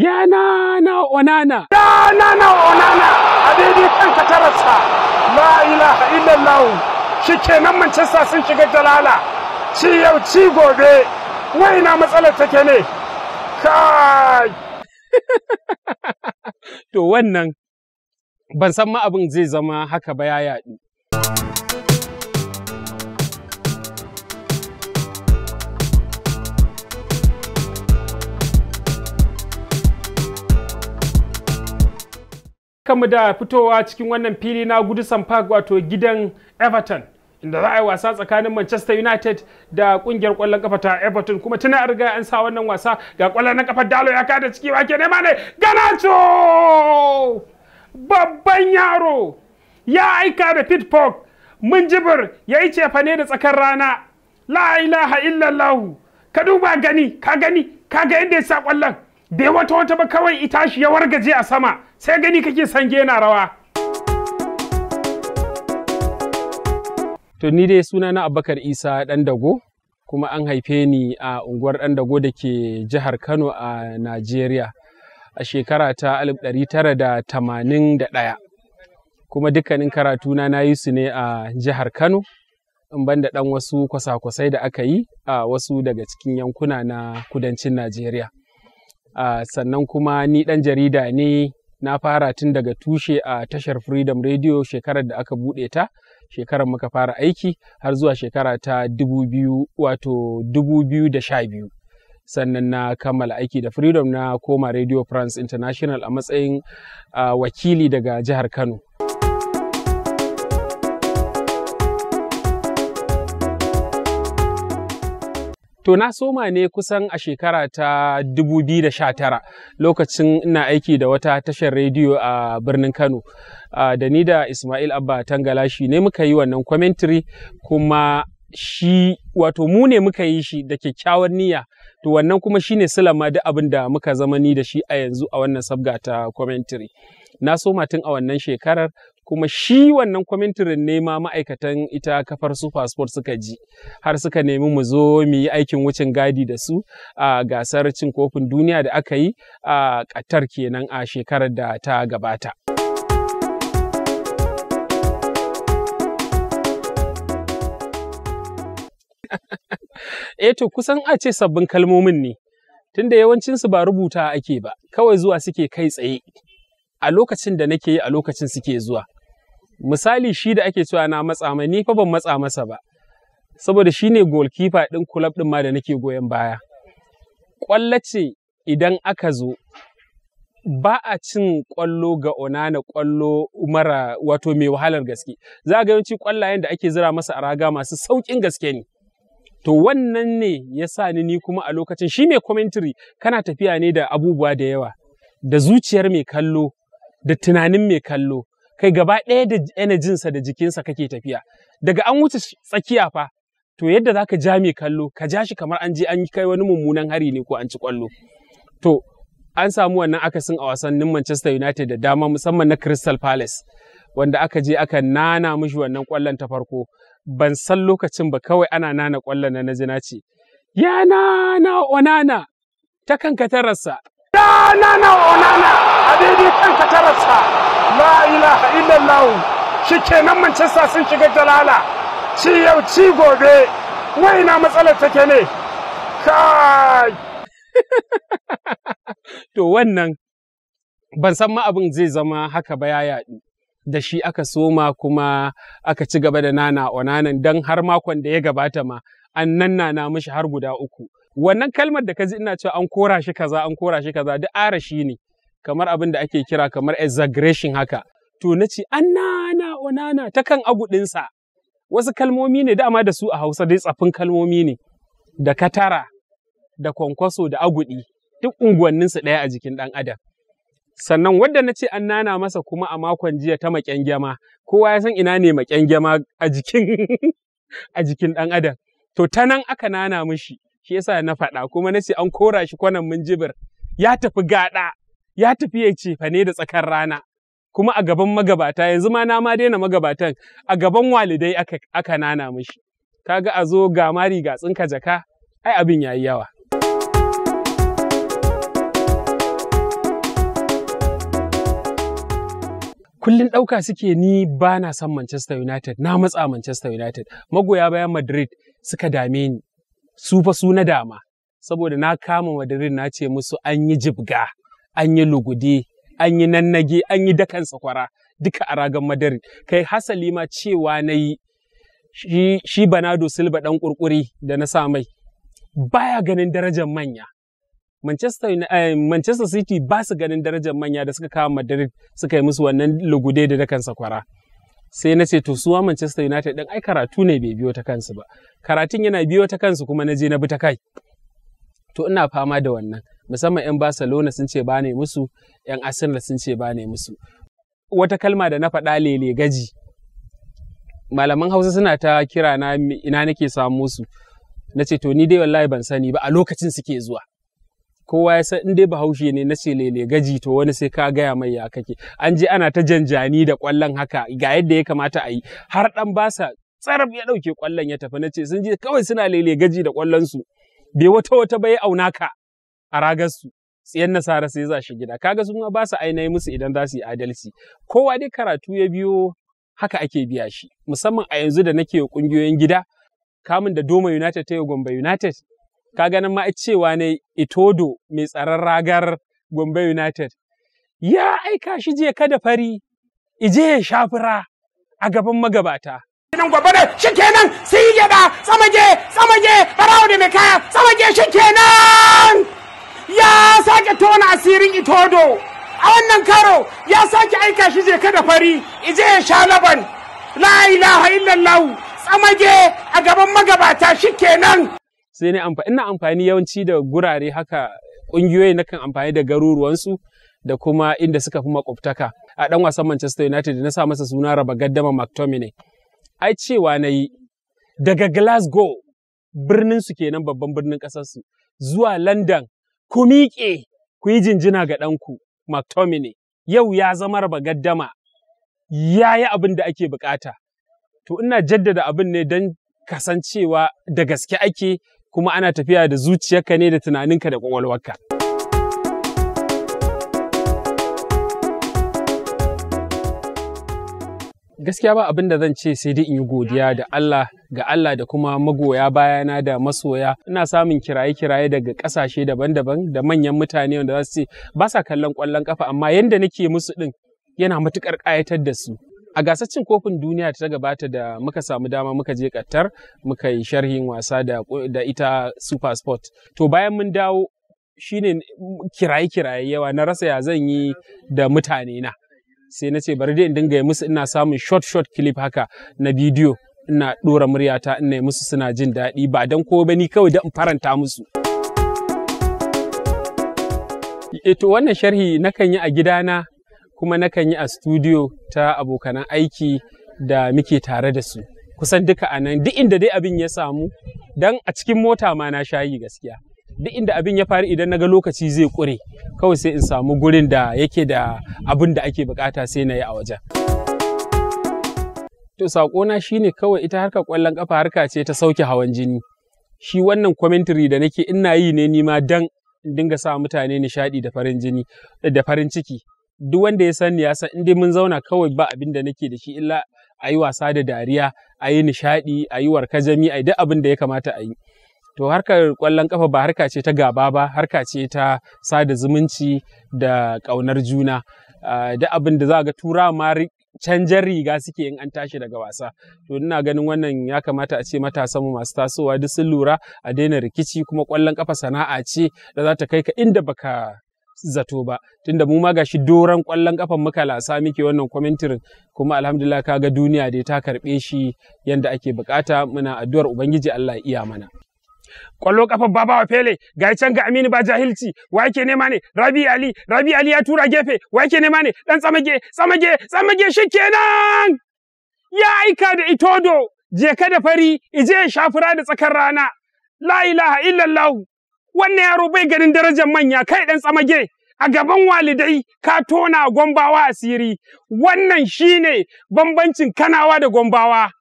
ya na na onana ya na na onana a daidai kan katararsa la ilaha illallah shi kenan manchester sun shiga jalala ci yau ci gobe waina matsalar take ne kai to wannan ban san ma abin zai zama haka ba ya yaɗu barkanmu da fitowa cikin wannan fili na Goodison Park wato gidan Everton inda za a yi wasa tsakanin Manchester United da kungiyar kwallon kafa ta Everton kuma tana riga an sa wannan wasa ga kwallon na kafa Dalo ya kada ciki wake nema ne Ganacho babban yaro ya aika da pitfork mun jibir ya yi cefane da tsakar rana la ilaha illallahu ka duba gani ka gani ka ga yadda ya sa kwallon bai wata wata ba kawai ita shi ya wargaje a sama sai gani kake sange na rawa to ni dai suna na abubakar isa dan dago kuma an haife ni a unguwar dan dago da ke jihar kano a najeriya a shekara ta 1981 kuma dukkanin karatuna na yi su ne a jihar kano in ban da ɗan wasu kwasa-kwasai da aka yi a wasu daga cikin yankuna na kudancin najeriya Uh, sannan kuma ni ɗan jarida ne na fara tun daga tushe a uh, tashar Freedom Radio shekarar da aka buɗe ta, shekarar muka fara aiki har zuwa shekara ta biyu, wato 2012. sannan na kammala aiki da freedom na koma radio france international a matsayin uh, wakili daga jihar kano To na soma ne kusan a shekara ta 2019 lokacin ina aiki da wata tashar rediyo a birnin Kano. Da ni da Ismail Abba Tangalashi ne muka yi wannan commentary kuma shi wato mu ne muka yi shi da kyakkyawar niyya to wannan kuma shi ne silama duk abin da muka zama ni da shi a yanzu a wannan sabga ta commentary na soma tun a wannan shekarar kuma shi wannan kwamintirin ne ma ma'aikatan ita kafar su Fasfo suka ji har suka nemi mu zo mu yi aikin wucin gadi da su a gasar cin kofin duniya da aka yi a ƙatar kenan a shekarar da ta gabata. eh to kusan a ce sabbin kalmomin ne tunda yawancinsu ba rubuta ake ba kawai zuwa suke kai tsaye a lokacin da nake yi a lokacin suke zuwa misali shi da ake cewa na matsa mai ni fa ban matsa masa ba saboda shi ne goalkeeper ɗin club ɗin ma da nake goyon baya ƙwallo ce idan aka zo ba a cin ƙwallo ga onana ƙwallo mara wato mai wahalar gaske za ga yawanci ƙwallayen da ake zira masa a raga masu sauƙin gaske ne to wannan ne ya sa ni ni kuma a lokacin shi mai commentary kana tafiya ne da abubuwa da yawa da zuciyar mai kallo da tunanin mai kallo kai gaba ɗaya da energinsa da jikinsa kake tafiya daga an wuce tsakiya fa to yadda za ka ja mai kallo ka ja shi kamar an je an kai wani mummunan hari ne ko an ci kwallo to an samu wannan akasin a wasannin Manchester United da dama musamman na Crystal Palace wanda aka je aka nana mishi wannan kwallon ta farko ban san lokacin ba kawai ana nana kwallon na na ce ya nana onana ta kan ya nana onana a daidai kan tarasa. la ilaha illallah shi kenan manchester sun shiga dalala ci yau ci gobe waina matsalar take ne kai to wannan ban san ma abin zai zama haka ba ya yaɗu da shi aka soma kuma aka ci gaba da nana onanan don har makon da ya gabata ma an nan na mishi har guda uku wannan kalmar da ka ji ina cewa an kora shi kaza an kora shi kaza duk ara shi ne kamar abin da ake kira kamar exaggeration haka to na ce annana onana ta kan agudinsa wasu kalmomi ne dama da su a hausa dai tsafin kalmomi ne da katara da kwankwaso da agudi duk unguwanninsu ɗaya a jikin ɗan adam sannan wadda na ce an nana masa kuma a makon jiya ta maƙyangyama kowa ya san ina ne maƙyangyama a jikin a jikin ɗan adam to ta nan aka nana mishi shi yasa na faɗa kuma na ce an kora shi kwanan mun jibir ya tafi gaɗa ya tafi ya cefane da tsakar rana kuma a gaban magabata yanzu ma na ma daina magabatan a gaban walidai aka, aka nana mishi kaga a zo ga mari ga tsinka jaka ai abin yayi yawa kullum ɗauka suke ni ba na son Manchester United, na matsa Manchester United, magoya bayan Madrid suka dame ni. su fa su na dama saboda na kama madarin na ce musu an yi jibga an yi lugudi an yi nannage an yi dakan sakwara duka a ragan madarin kai hasali ma cewa na yi shi, shi banado silba dan kurkuri da na sa mai baya ganin darajar manya Manchester, uh, Manchester City ba su ganin darajar manya da suka kama Madrid suka yi musu wannan lugude da dakan sakwara. sai na ce to suwa Manchester United ɗin ai karatu ne bai biyo ta kansu ba karatun yana biyo ta kansu kuma na je na bi ta kai to ina fama da wannan musamman 'yan Barcelona sun ce ba musu 'yan Arsenal sun ce ba musu wata kalma da na faɗa lele gaji malaman hausa suna ta kira na ina nake samu su na ce to ni dai wallahi ban sani ba a lokacin suke zuwa kowa ya san in dai bahaushe ne na selele gaji to wani sai ka gaya mai ya kake an je ana ta janjani da kwallon haka ga yadda ya kamata a yi har dan basa tsarab ya dauke kwallon ya tafi na ce, sun je kawai suna lele gaji da kwallon su bai wata wata bai auna ka a ragar su tsiyan nasara sai za shi gida kaga su ma ba su ainihi musu idan za su yi adalci kowa dai karatu ya biyo haka ake biya shi musamman a yanzu da nake kungiyoyin gida kamun da Doma United ta yi Gombe United ka ganin ma cewa ne itodo mai tsaron ragar gombe united ya aika shi je kada fari ije ya shafura a gaban magabata nan gobe da shi kenan sun yi gyaɗa samaje samaje farawa da mai kaya samaje shi kenan ya sake tona asirin itodo a wannan karo ya sake aika shi je kada fari ije ya sha laban la ilaha illallah tsamage a gaban magabata shi kenan sai ne ina amfani yawanci da gurare haka ƙungiyoyi nakan amfani da garuruwansu da kuma inda suka fi makwabtaka a ɗan wasan Manchester United na sa masa suna raba gaddama McTominay ai cewa na yi daga Glasgow birnin su kenan babban birnin ƙasar su zuwa London ku miƙe ku yi jinjina ga ɗanku McTominay yau ya zama raba gaddama ya yi abin da ake bukata to ina jaddada abin ne don kasancewa da gaske ake kuma ana tafiya da zuciyarka ne da tunaninka da ƙwaƙwalwarka. Gaskiya ba abin da zan ce sai dai in yi godiya da Allah ga Allah da kuma magoya bayana da masoya ina samun kiraye-kiraye daga ƙasashe daban-daban da manyan mutane wanda za su ce ba sa kallon ƙwallon ƙafa amma yanda nake musu ɗin yana matuƙar ƙayatar da su. a gasar cin kofin duniya ta gabata da muka samu dama muka je Qatar muka yi sharhin wasa da, ita Super Sport. To bayan mun dawo shine kiraye-kiraye yawa na rasa ya zan yi da mutane na. Sai na ce bari dai in dinga yi musu ina samun short short clip haka na bidiyo ina ɗora muryata ina yi musu suna jin daɗi ba don ko ba ni kawai da in faranta musu. Eto wannan sharhi nakan yi a gidana kuma nakan yi a studio ta abokanan aiki da muke tare da su kusan duka a nan duk inda dai abin ya samu dan a cikin mota ma na shayi gaskiya duk inda abin ya faru idan naga lokaci zai kure kawai sai in samu gurin da yake da abin da ake bukata sai na yi a wajen to sakona shine kawai ita harkar kwallon kafa harka ce ta sauke hawan jini shi wannan commentary da nake ina yi ne nima dan in dinga sa mutane nishadi da farin jini da farin ciki duk wanda ya sani ya san inda mun zauna kawai ba abin da nake da shi illa a yi wasa da dariya a yi nishaɗi a yi warkajami a yi duk abin da ya kamata a yi to harkar ƙwallon ƙafa ba harka ce ta gaba ba harka ce ta sada zumunci da ƙaunar juna duk abin da za ga tura ma canjan riga suke in an tashi daga wasa to ina ganin wannan ya kamata a ce matasa masu tasowa duk sun lura a daina rikici kuma kwallon kafa sana'a ce da za ta kai ka inda baka zato ba tunda mu ma gashi doran kwallon kafan muka lasa muke wannan kwamintirin kuma alhamdulillah kaga duniya dai ta karbe shi yanda ake bukata muna addu'ar ubangiji Allah ya iya mana kwallo kafar wa fele ga can ga aminu ba jahilci wa yake nema ne rabi ali rabi ali ya tura gefe wa yake nema ne dan tsamage tsamage tsamage shikenan ya aika da itodo je ka da fari ije shafura da tsakar rana la ilaha illallah wannan yaro bai ganin darajar manya kai dan tsamage a gaban walidai ka tona gombawa asiri wannan shine bambancin kanawa da gombawa